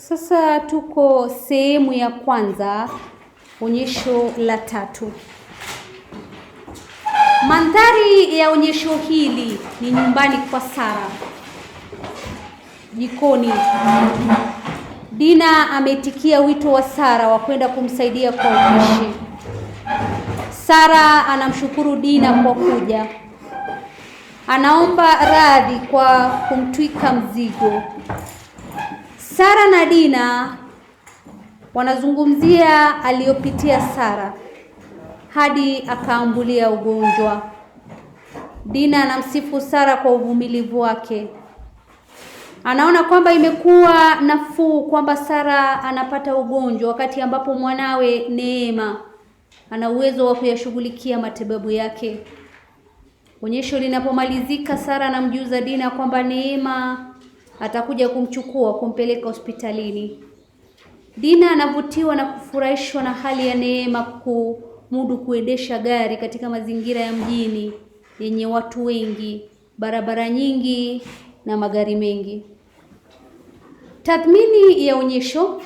Sasa tuko sehemu ya kwanza, onyesho la tatu. Mandhari ya onyesho hili ni nyumbani kwa Sara, jikoni. Dina ametikia wito wa Sara wa kwenda kumsaidia kwa upishi. Sara anamshukuru Dina kwa kuja, anaomba radhi kwa kumtwika mzigo Sara na Dina wanazungumzia aliyopitia Sara hadi akaambulia ugonjwa. Dina anamsifu Sara kwa uvumilivu wake. Anaona kwamba imekuwa nafuu kwamba Sara anapata ugonjwa wakati ambapo mwanawe Neema ana uwezo wa kuyashughulikia matibabu yake. Onyesho linapomalizika, Sara anamjuza Dina kwamba Neema atakuja kumchukua kumpeleka hospitalini. Dina anavutiwa na kufurahishwa na hali ya Neema kumudu kuendesha gari katika mazingira ya mjini yenye watu wengi, barabara nyingi na magari mengi. Tathmini ya onyesho.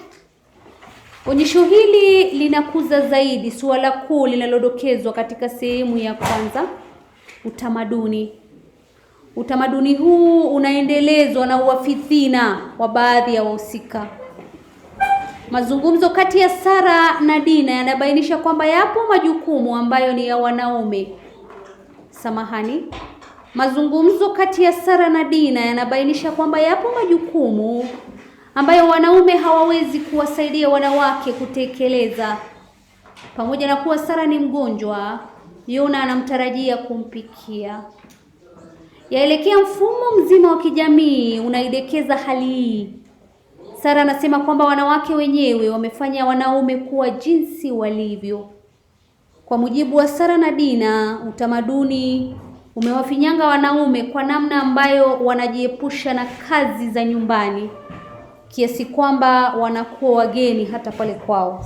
Onyesho hili linakuza zaidi suala kuu linalodokezwa katika sehemu ya kwanza, utamaduni. Utamaduni huu unaendelezwa na uafithina wa baadhi ya wahusika. Mazungumzo kati ya Sara na Dina yanabainisha kwamba yapo majukumu ambayo ni ya wanaume. Samahani. Mazungumzo kati ya Sara na Dina yanabainisha kwamba yapo majukumu ambayo wanaume hawawezi kuwasaidia wanawake kutekeleza. Pamoja na kuwa Sara ni mgonjwa, Yona anamtarajia kumpikia yaelekea mfumo mzima wa kijamii unaidekeza hali hii. Sara anasema kwamba wanawake wenyewe wamefanya wanaume kuwa jinsi walivyo. Kwa mujibu wa Sara na Dina, utamaduni umewafinyanga wanaume kwa namna ambayo wanajiepusha na kazi za nyumbani kiasi kwamba wanakuwa wageni hata pale kwao.